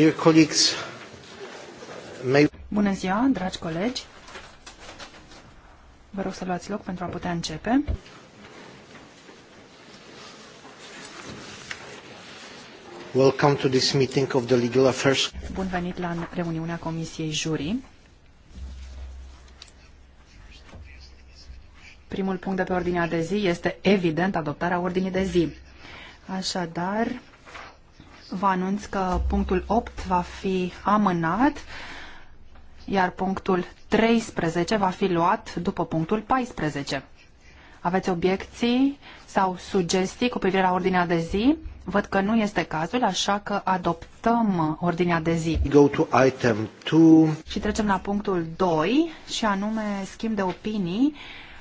Dear colleagues, may... Bună ziua, dragi colegi. Vă rog să luați loc pentru a putea începe. Welcome to this meeting of the Legal Affairs. Bun venit la reuniunea Comisiei juri. Primul punct de pe ordinea de zi este evident adoptarea ordinii de zi. Așadar, Vă anunț că punctul 8 va fi amânat, iar punctul 13 va fi luat după punctul 14. Aveți obiecții sau sugestii cu privire la ordinea de zi? Văd că nu este cazul, așa că adoptăm ordinea de zi. Go to item two. Și trecem la punctul 2, și anume schimb de opinii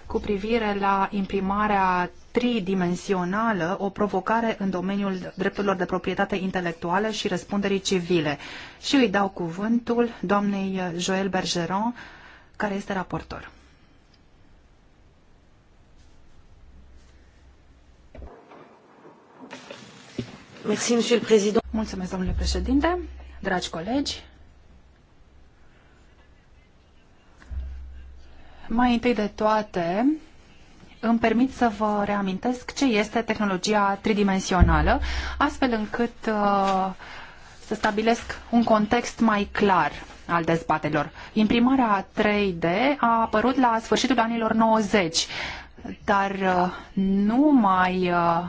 cu privire la imprimarea tridimensională, o provocare în domeniul drepturilor de proprietate intelectuală și răspunderii civile. Și îi dau cuvântul doamnei Joël Bergeron, care este raportor. Mulțumesc, domnule președinte, dragi colegi, Mai întâi de toate, îmi permit să vă reamintesc ce este tehnologia tridimensională, astfel încât uh, să stabilesc un context mai clar al dezbatelor. Imprimarea 3D a apărut la sfârșitul anilor 90, dar uh, numai uh,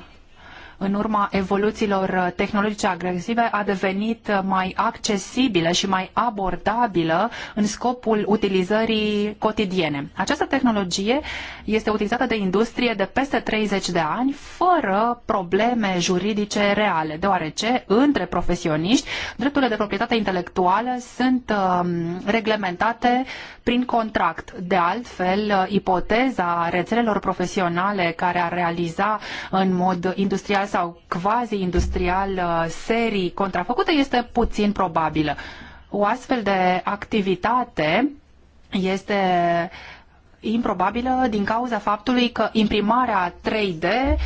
în urma evoluțiilor tehnologice agresive, a devenit mai accesibilă și mai abordabilă în scopul utilizării cotidiene. Această tehnologie este utilizată de industrie de peste 30 de ani, fără probleme juridice reale, deoarece între profesioniști drepturile de proprietate intelectuală sunt um, reglementate prin contract. De altfel, ipoteza rețelelor profesionale care ar realiza în mod industrial sau quasi-industrial uh, serii contrafăcute este puțin probabilă. O astfel de activitate este improbabilă din cauza faptului că imprimarea 3D uh,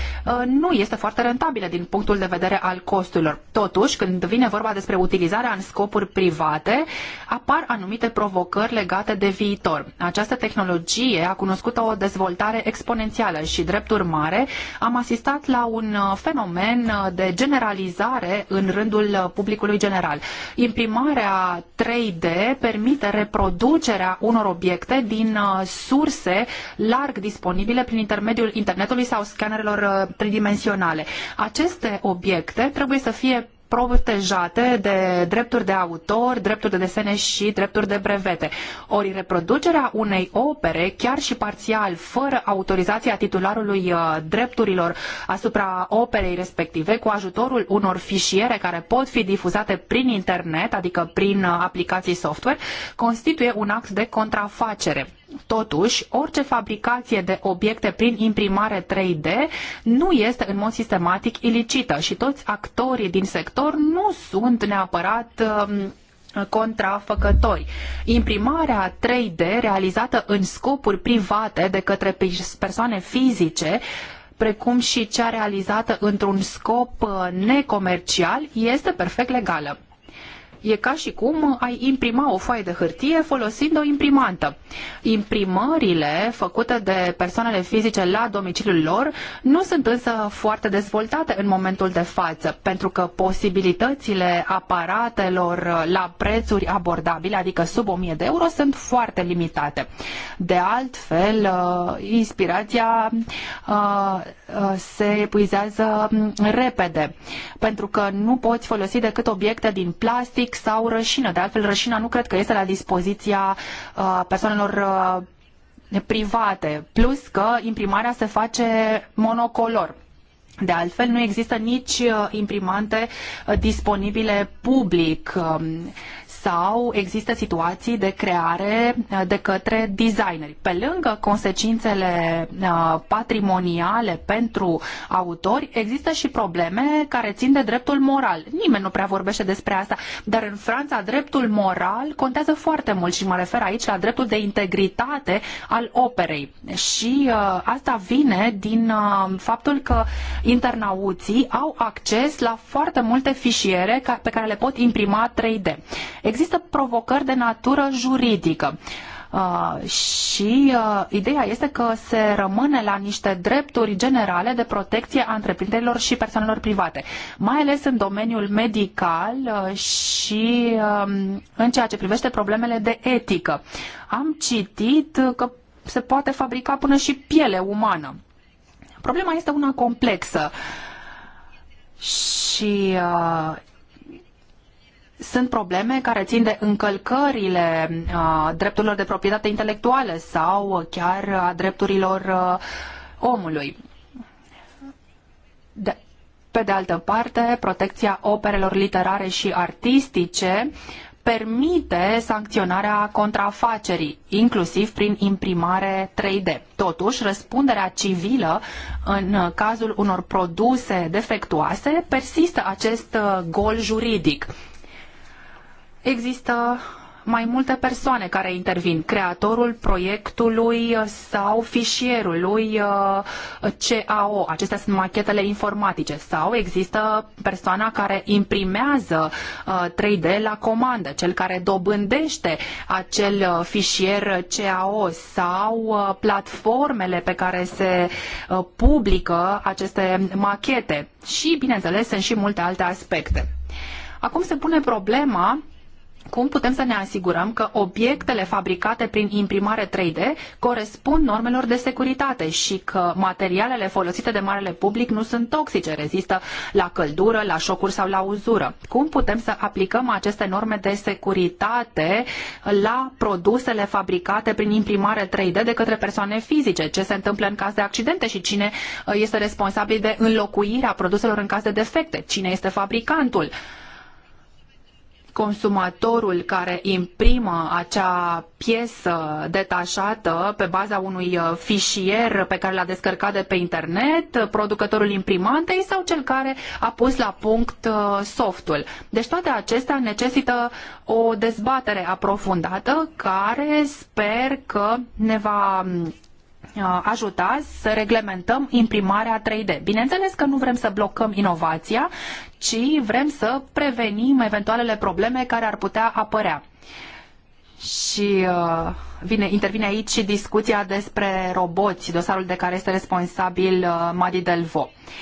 nu este foarte rentabilă din punctul de vedere al costurilor. Totuși, când vine vorba despre utilizarea în scopuri private, apar anumite provocări legate de viitor. Această tehnologie a cunoscut o dezvoltare exponențială și, drept urmare, am asistat la un uh, fenomen uh, de generalizare în rândul publicului general. Imprimarea 3D permite reproducerea unor obiecte din sur resurse larg disponibile prin intermediul internetului sau scanerelor uh, tridimensionale. Aceste obiecte trebuie să fie protejate de drepturi de autor, drepturi de desene și drepturi de brevete. Ori reproducerea unei opere, chiar și parțial, fără autorizația titularului uh, drepturilor asupra operei respective, cu ajutorul unor fișiere care pot fi difuzate prin internet, adică prin uh, aplicații software, constituie un act de contrafacere Totuși, orice fabricație de obiecte prin imprimare 3D nu este în mod sistematic ilicită și toți actorii din sector nu sunt neapărat um, contrafăcători. Imprimarea 3D realizată în scopuri private de către persoane fizice precum și cea realizată într-un scop uh, necomercial, este perfect legală. E ca și cum ai imprima o foaie de hârtie folosind o imprimantă. Imprimările făcute de persoanele fizice la domiciliul lor nu sunt însă foarte dezvoltate în momentul de față, pentru că posibilitățile aparatelor la prețuri abordabile, adică sub 1000 de euro, sunt foarte limitate. De altfel, uh, inspirația uh, uh, se epuizează repede, pentru că nu poți folosi decât obiecte din plastic, risc sau rășină. De altfel, rășina nu cred că este la dispoziția uh, persoanelor uh, private, plus că imprimarea se face monocolor. De altfel, nu există nici uh, imprimante disponibile public. Um, sau există situații de creare uh, de către designeri. Pe lângă consecințele uh, patrimoniale pentru autori, există și probleme care țin de dreptul moral. Nimeni nu prea vorbește despre asta, dar în Franța dreptul moral contează foarte mult și mă refer aici la dreptul de integritate al operei. Și uh, asta vine din faptul că internauții au acces la foarte multe fișiere pe care le pot imprima 3D. Există provocări de natură juridică. Uh, și uh, ideea este că se rămâne la niște drepturi generale de protecție a întreprinderilor și persoanelor private, mai ales în domeniul medical uh, și um, în ceea ce privește problemele de etică. Am citit că se poate fabrica până și piele umană. Problema este una complexă și uh, sunt probleme care țin de încălcările uh, drepturilor de proprietate intelectuală sau chiar a drepturilor uh, omului. De, pe de altă parte, protecția operelor literare și artistice permite sancționarea contrafacerii, inclusiv prin imprimare 3D. Totuși, răspunderea civilă în cazul unor produse defectuoase persistă acest uh, gol juridic există mai multe persoane care intervin, creatorul proiectului sau fișierului uh, CAO. Acestea sunt machetele informatice sau există persoana care imprimează 3D uh, la comandă, cel care dobândește acel uh, fișier CAO sau platformele pe care se publică aceste machete. Și, bineînțeles, sunt și multe alte aspecte. Acum se pune problema cum putem să ne asigurăm că obiectele fabricate prin imprimare 3D corespund normelor de securitate și că materialele folosite de marele public nu sunt toxice, rezistă la căldură, la șocuri sau la uzură. Cum putem să aplicăm aceste norme de securitate la produsele fabricate prin imprimare 3D de către persoane fizice? Ce se întâmplă în caz de accidente și cine uh, este responsabil de înlocuirea produselor în caz de defecte? Cine este fabricantul? consumatorul care imprimă acea piesă detașată pe baza unui uh, fișier pe care l-a descărcat de pe internet, uh, producătorul imprimantei sau cel care a pus la punct uh, softul. Deci toate acestea necesită o dezbatere aprofundată care sper că ne va mm, ajuta să reglementăm imprimarea 3D. Bineînțeles că nu vrem să blocăm inovația, ci vrem să prevenim eventualele probleme care ar putea apărea. Și uh, vine, intervine aici și discuția despre roboți, dosarul de care este responsabil uh, Madi Delvo. Uh,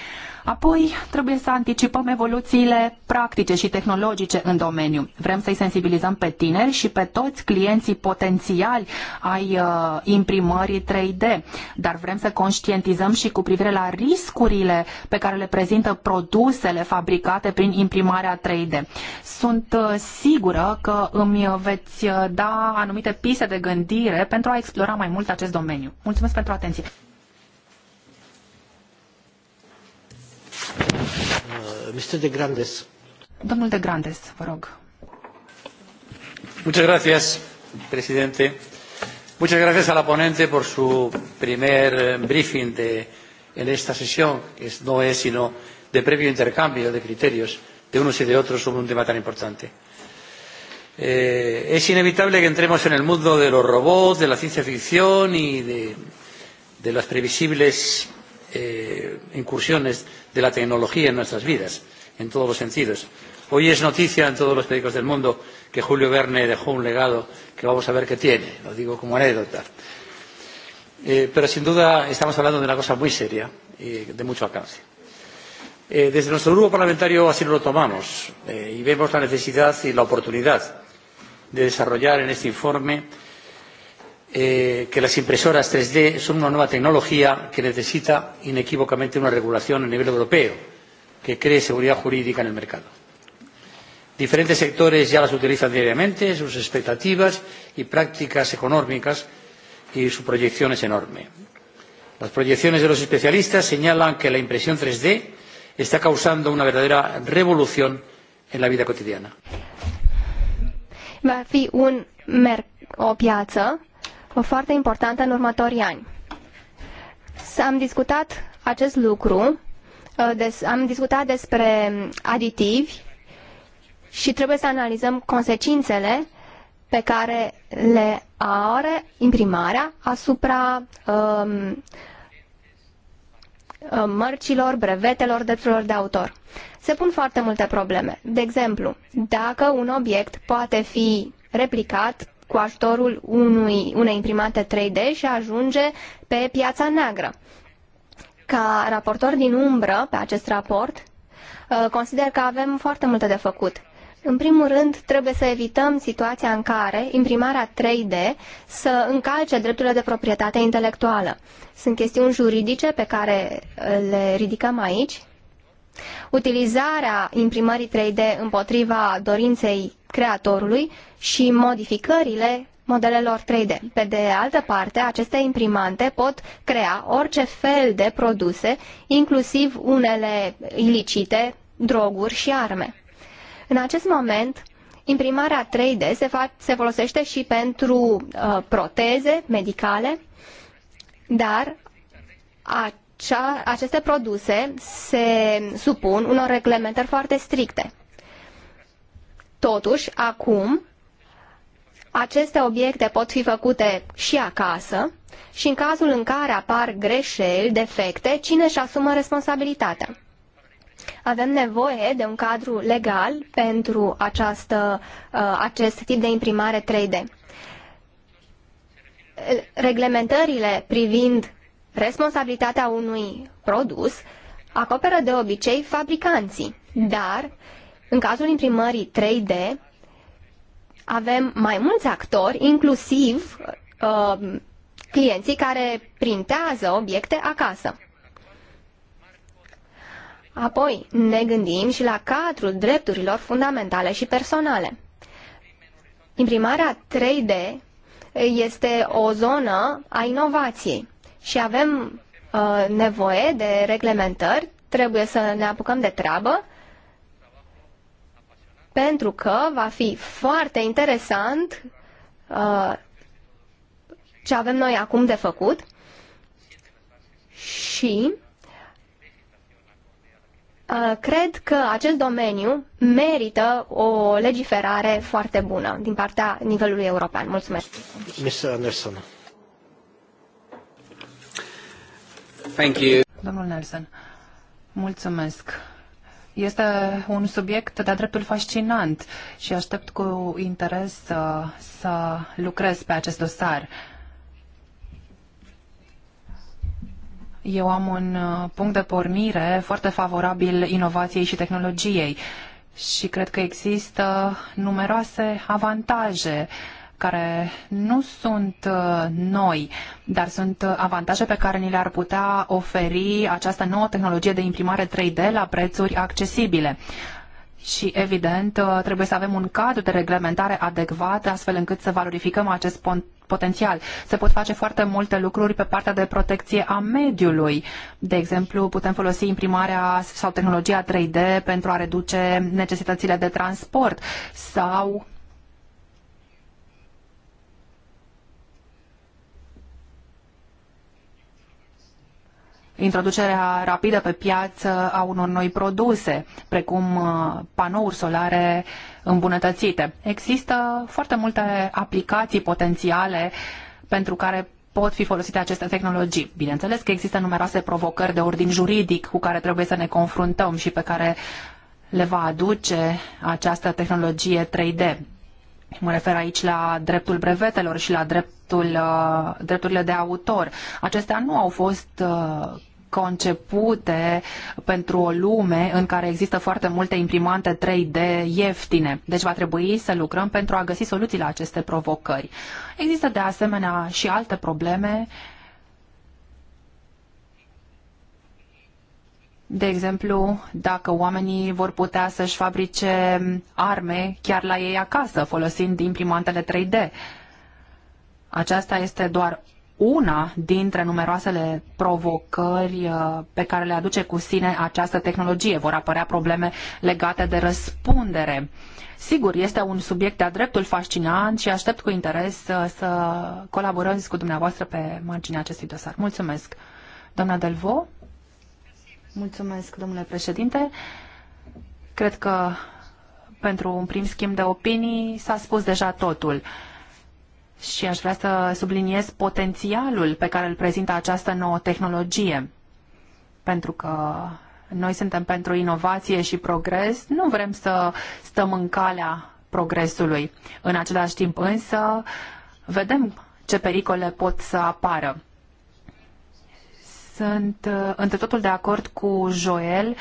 Apoi, trebuie să anticipăm evoluțiile practice și tehnologice în domeniu. Vrem să-i sensibilizăm pe tineri și pe toți clienții potențiali ai uh, imprimării 3D, dar vrem să conștientizăm și cu privire la riscurile pe care le prezintă produsele fabricate prin imprimarea 3D. Sunt uh, sigură că îmi veți uh, da anumite piste de gândire pentru a explora mai mult acest domeniu. Mulțumesc pentru atenție! Mr. de Grandes. Domnul de Grandes, vă rog. Muchas gracias, presidente. Muchas gracias a la ponente por su primer eh, briefing de, en esta sesión, que no es sino de previo intercambio de criterios de unos y de otros sobre un tema tan importante. Eh, es inevitable que entremos en el mundo de los robots, de la ciencia ficción y de, de las previsibles eh, incursiones de la tecnología en nuestras vidas, en todos los sentidos. Hoy es noticia en todos los periódicos del mundo que Julio Verne dejó un legado que vamos a ver qué tiene, lo digo como anécdota. Eh, pero sin duda estamos hablando de una cosa muy seria y de mucho alcance. Eh, desde nuestro grupo parlamentario así lo tomamos eh, y vemos la necesidad y la oportunidad de desarrollar en este informe eh, que las impresoras 3D son una nueva tecnología que necesita inequívocamente una regulación a nivel europeo que cree seguridad jurídica en el mercado. Diferentes sectores ya las utilizan diariamente, sus expectativas y prácticas económicas y su proyección es enorme. Las proyecciones de los especialistas señalan que la impresión 3D está causando una verdadera revolución en la vida cotidiana. Va fi un mer- o piață foarte importantă în următorii ani. Am discutat acest lucru, uh, am discutat despre aditivi și trebuie să analizăm consecințele pe care le are imprimarea asupra um, uh, mărcilor, brevetelor, drepturilor de autor. Se pun foarte multe probleme. De exemplu, dacă un obiect poate fi replicat cu ajutorul unui, unei imprimante 3D și ajunge pe piața neagră. Ca raportor din umbră pe acest raport, uh, consider că avem foarte multe de făcut. În primul rând, trebuie să evităm situația în care imprimarea 3D să încalce drepturile de proprietate intelectuală. Sunt chestiuni juridice pe care uh, le ridicăm aici Utilizarea imprimării 3D împotriva dorinței creatorului și modificările modelelor 3D. Pe de altă parte, aceste imprimante pot crea orice fel de produse, inclusiv unele ilicite, droguri și arme. În acest moment, imprimarea 3D se, fa- se folosește și pentru uh, proteze medicale, dar a, acea, aceste produse se supun unor reglementări foarte stricte. Totuși, acum, aceste obiecte pot fi făcute și acasă și în cazul în care apar greșeli, defecte, cine își asumă responsabilitatea? Avem nevoie de un cadru legal pentru această, uh, acest tip de imprimare 3D. Reglementările privind responsabilitatea unui produs acoperă de obicei fabricanții, dar în cazul imprimării 3D avem mai mulți actori, inclusiv uh, clienții care printează obiecte acasă. Apoi ne gândim și la cadrul drepturilor fundamentale și personale. Imprimarea 3D este o zonă a inovației și avem uh, nevoie de reglementări, trebuie să ne apucăm de treabă, pentru că va fi foarte interesant uh, ce avem noi acum de făcut și uh, cred că acest domeniu merită o legiferare foarte bună din partea nivelului european. Mulțumesc. Mr. Anderson. Thank you. Domnul Nelson, mulțumesc. Este un subiect de-a dreptul fascinant și aștept cu interes să, uh, să lucrez pe acest dosar. Eu am un uh, punct de pornire foarte favorabil inovației și tehnologiei și cred că există numeroase avantaje uh, care nu sunt uh, noi, dar sunt uh, avantaje pe care ni le-ar putea oferi această nouă tehnologie de imprimare 3D la prețuri accesibile. Și, evident, uh, trebuie să avem un cadru de reglementare adecvat, astfel încât să valorificăm acest potențial. Se pot face foarte multe lucruri pe partea de protecție a mediului. De exemplu, putem folosi imprimarea sau tehnologia 3D pentru a reduce necesitățile de transport sau introducerea rapidă pe piață a unor noi produse, precum uh, panouri solare îmbunătățite. Există foarte multe aplicații potențiale pentru care pot fi folosite aceste tehnologii. Bineînțeles că există numeroase provocări de ordin juridic cu care trebuie să ne confruntăm și pe care le va aduce această tehnologie 3D. Mă refer aici la dreptul brevetelor și la dreptul, uh, drepturile de autor. Acestea nu au fost uh, concepute pentru o lume în care există foarte multe imprimante 3D ieftine. Deci va trebui să lucrăm pentru a găsi soluții la aceste provocări. Există de asemenea și alte probleme uh, De exemplu, dacă oamenii vor putea să-și fabrice arme chiar la ei acasă, folosind imprimantele 3D. Aceasta este doar una dintre numeroasele provocări uh, pe care le aduce cu sine această tehnologie. Vor apărea probleme legate de răspundere. Sigur, este un subiect de-a dreptul fascinant și aștept cu interes să, uh, să colaborez cu dumneavoastră pe marginea acestui dosar. Mulțumesc. Doamna Delvo, Mulțumesc, domnule președinte. Cred că pentru un prim schimb de opinii s-a spus deja totul. Și aș vrea să subliniez potențialul pe care îl prezintă această nouă tehnologie. Pentru că noi suntem pentru inovație și progres, nu vrem să stăm în calea progresului. În același timp însă vedem ce pericole pot să apară. Sunt uh, într totul de acord cu Joel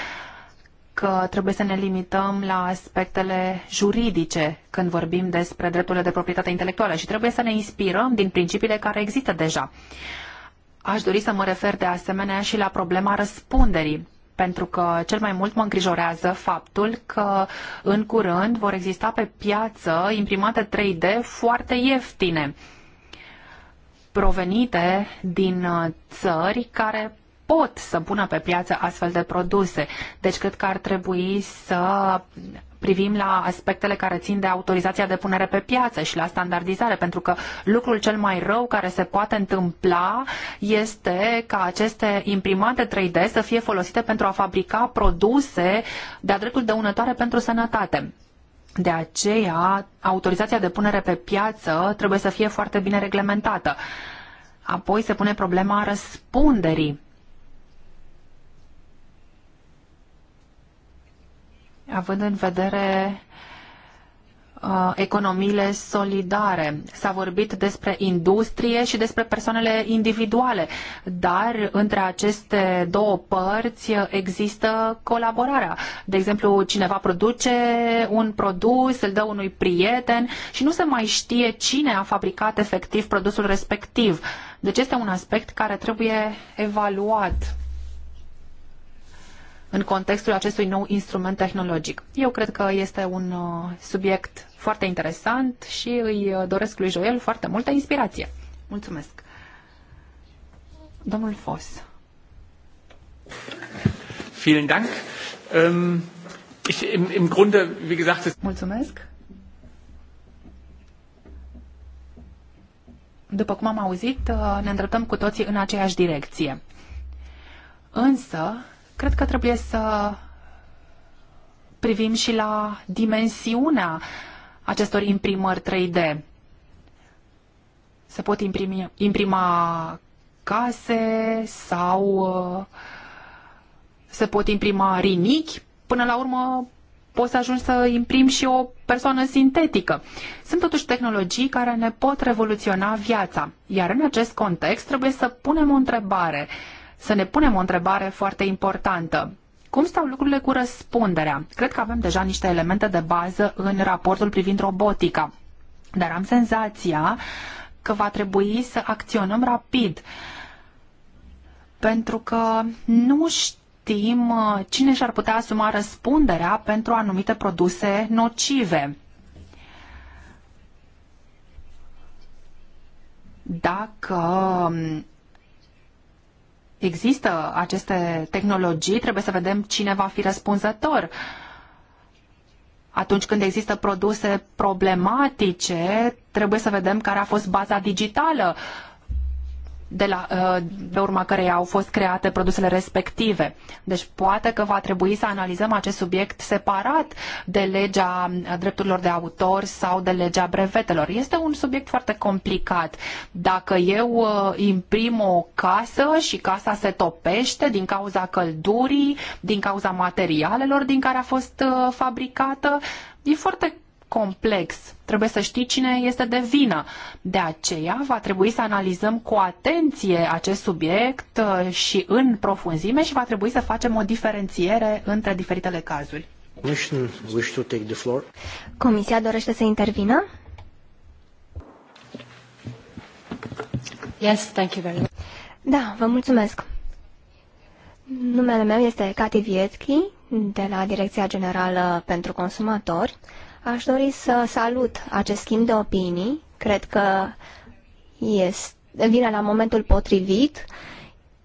că trebuie să ne limităm la aspectele juridice când vorbim despre drepturile de proprietate intelectuală și trebuie să ne inspirăm din principiile care există deja. Aș dori să mă refer de asemenea și la problema răspunderii, pentru că cel mai mult mă îngrijorează faptul că în curând vor exista pe piață imprimate 3D foarte ieftine provenite din uh, țări care pot să pună pe piață astfel de produse. Deci cred că ar trebui să privim la aspectele care țin de autorizația de punere pe piață și la standardizare, pentru că lucrul cel mai rău care se poate întâmpla este ca aceste imprimante 3D să fie folosite pentru a fabrica produse de-a dreptul dăunătoare pentru sănătate. De aceea, autorizația de punere pe piață trebuie să fie foarte bine reglementată. Apoi se pune problema răspunderii. Având în vedere Uh, economiile solidare. S-a vorbit despre industrie și despre persoanele individuale, dar între aceste două părți există colaborarea. De exemplu, cineva produce un produs, îl dă unui prieten și nu se mai știe cine a fabricat efectiv produsul respectiv. Deci este un aspect care trebuie evaluat în contextul acestui nou instrument tehnologic. Eu cred că este un uh, subiect foarte interesant și îi uh, doresc lui Joel foarte multă inspirație. Mulțumesc. Domnul Fos. Vielen Dank. Um, ich, im, im Grunde, wie gesagt, es Mulțumesc. După cum am auzit, uh, ne îndreptăm cu toții în aceeași direcție. Însă, Cred că trebuie să privim și la dimensiunea acestor imprimări 3D. Se pot imprimi, imprima case sau uh, se pot imprima rinichi. Până la urmă, poți să ajungi să imprimi și o persoană sintetică. Sunt totuși tehnologii care ne pot revoluționa viața, iar în acest context trebuie să punem o întrebare să ne punem o întrebare foarte importantă. Cum stau lucrurile cu răspunderea? Cred că avem deja niște elemente de bază în raportul privind robotica, dar am senzația că va trebui să acționăm rapid, pentru că nu știm uh, cine și-ar putea asuma răspunderea pentru anumite produse nocive. Dacă um, există aceste tehnologii, trebuie să vedem cine va fi răspunzător. Atunci când există produse problematice, trebuie să vedem care a fost baza digitală uh, de la, pe uh, urma căreia au fost create produsele respective. Deci poate că va trebui să analizăm acest subiect separat de legea drepturilor de autor sau de legea brevetelor. Este un subiect foarte complicat. Dacă eu uh, imprim o casă și casa se topește din cauza căldurii, din cauza materialelor din care a fost uh, fabricată, e foarte complex. Trebuie să știi cine este de vină. De aceea va trebui să analizăm cu atenție acest subiect uh, și în profunzime și va trebui să facem o diferențiere între diferitele cazuri. Comisia dorește să intervină? Yes, thank you very much. Da, vă mulțumesc. Numele meu este Cati Vietchi, de la Direcția Generală pentru Consumatori. Aș dori să salut acest schimb de opinii. Cred că este, vine la momentul potrivit.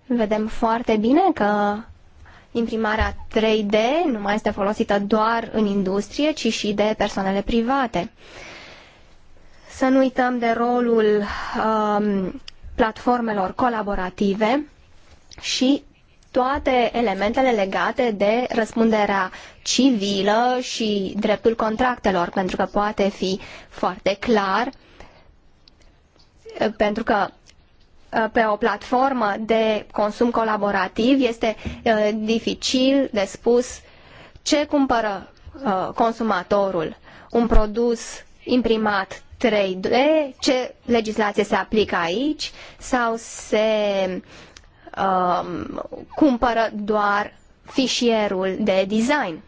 Vedem foarte bine că imprimarea 3D nu mai este folosită doar în industrie, ci și de persoanele private. Să nu uităm de rolul um, platformelor colaborative și toate elementele legate de răspunderea civilă și dreptul contractelor, pentru că poate fi foarte clar, pentru că uh, pe o platformă de consum colaborativ este uh, dificil de spus ce cumpără uh, consumatorul, un produs imprimat 3D, ce legislație se aplică aici sau se Um, cumpără doar fișierul de design.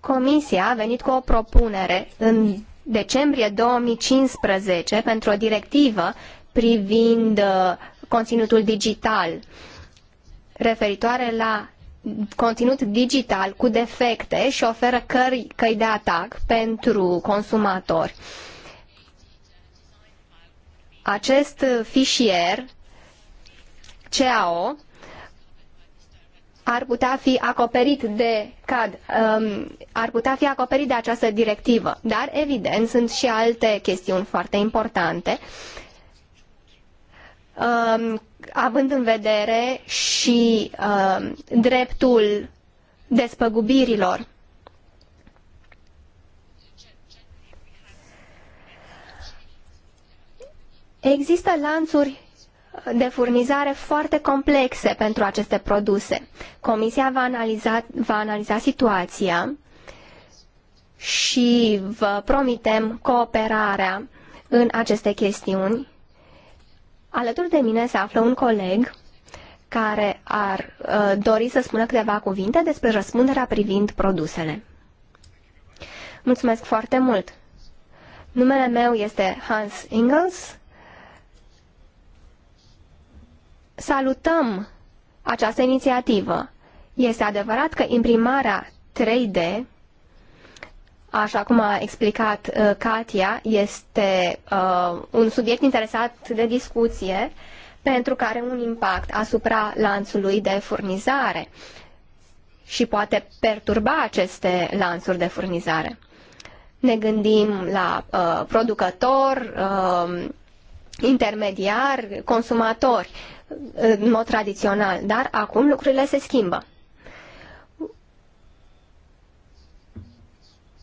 Comisia a venit cu o propunere în decembrie 2015 pentru o directivă privind uh, conținutul digital referitoare la conținut digital cu defecte și oferă căi, căi de atac pentru consumatori. Acest fișier CAO ar putea fi acoperit de CAD, um, ar putea fi acoperit de această directivă. Dar, evident, sunt și alte chestiuni foarte importante, um, având în vedere și um, dreptul despăgubirilor. Există lanțuri de furnizare foarte complexe pentru aceste produse. Comisia va analiza, va analiza situația și vă promitem cooperarea în aceste chestiuni. Alături de mine se află un coleg care ar uh, dori să spună câteva cuvinte despre răspunderea privind produsele. Mulțumesc foarte mult! Numele meu este Hans Ingels salutăm această inițiativă. Este adevărat că imprimarea 3D, așa cum a explicat uh, Katia, este uh, un subiect interesat de discuție pentru că are un impact asupra lanțului de furnizare și poate perturba aceste lanțuri de furnizare. Ne gândim la uh, producător, uh, intermediar, consumatori. Uh, în mod tradițional, dar acum lucrurile se schimbă.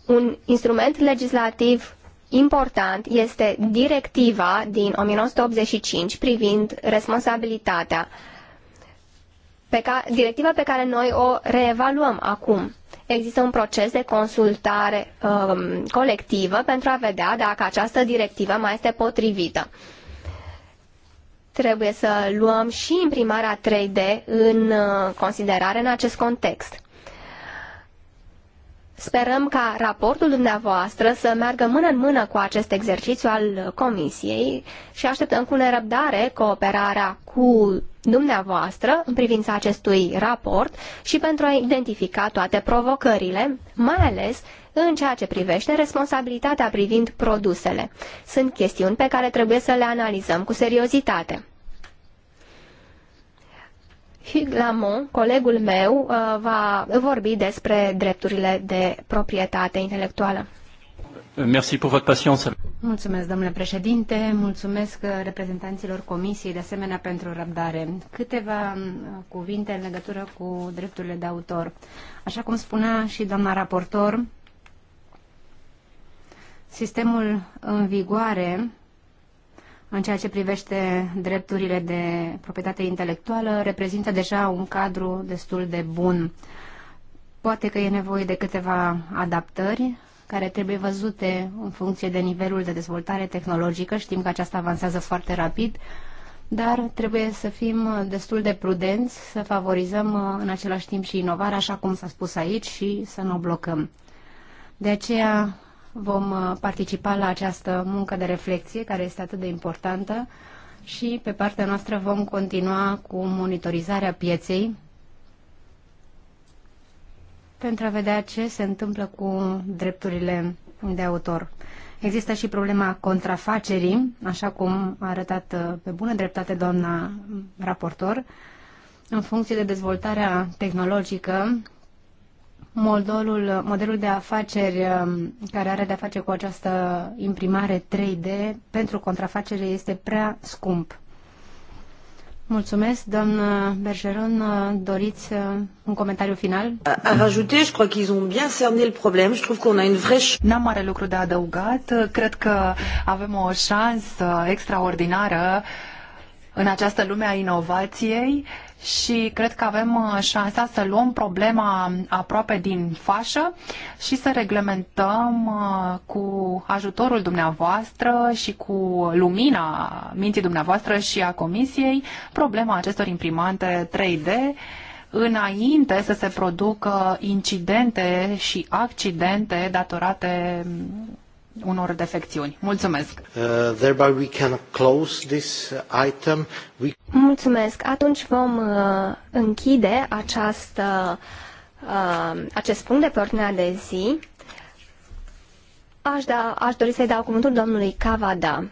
Un instrument legislativ important este directiva din 1985 privind responsabilitatea, pe ca, directiva pe care noi o reevaluăm acum. Există un proces de consultare um, colectivă pentru a vedea dacă această directivă mai este potrivită. Uh, Trebuie să luăm și imprimarea 3D în uh, considerare în acest context. Sperăm ca raportul dumneavoastră să meargă mână în mână cu acest exercițiu al Comisiei și așteptăm cu nerăbdare cooperarea cu dumneavoastră în privința acestui raport și pentru a identifica toate provocările, mai ales în ceea ce privește responsabilitatea privind produsele. Sunt chestiuni pe care trebuie să le analizăm cu seriozitate. Hugh Lamont, colegul meu, uh, va vorbi despre drepturile de proprietate intelectuală. Merci pour votre patience. Mulțumesc, domnule președinte, mulțumesc uh, reprezentanților comisiei, de asemenea, pentru răbdare. Câteva um, cuvinte în legătură cu drepturile de autor. Așa cum spunea și doamna raportor, Sistemul în vigoare în ceea ce privește drepturile de proprietate intelectuală reprezintă deja un cadru destul de bun. Poate că e nevoie de câteva adaptări care trebuie văzute în funcție de nivelul de dezvoltare tehnologică. Știm că aceasta avansează foarte rapid, dar trebuie să fim destul de prudenți, să favorizăm în același timp și inovarea, așa cum s-a spus aici, și să nu o blocăm. De aceea vom uh, participa la această muncă de reflexie care este atât de importantă și pe partea noastră vom continua cu monitorizarea pieței pentru a vedea ce se întâmplă cu drepturile de autor. Există și problema contrafacerii, așa cum a arătat uh, pe bună dreptate doamna raportor. În funcție de dezvoltarea tehnologică, modelul, modelul de afaceri um, care are de-a face cu această imprimare 3D pentru contrafacere este prea scump. Mulțumesc, doamnă Bergeron. Doriți uh, un comentariu final? A rajouter, je crois qu'ils ont bien cerné le problème. Je trouve qu'on a une vraie... N-am mare lucru de adăugat. Cred că avem o șansă extraordinară în această lume a inovației și cred că avem uh, șansa să luăm problema aproape din fașă și să reglementăm uh, cu ajutorul dumneavoastră și cu lumina minții dumneavoastră și a comisiei problema acestor imprimante 3D înainte să se producă incidente și accidente datorate unor defecțiuni. Mulțumesc. Uh, thereby we can close this item. We... Mulțumesc. Atunci vom uh, închide această, uh, acest punct de pe ordinea de zi. Aș, da, aș dori să-i dau cuvântul domnului Cavada.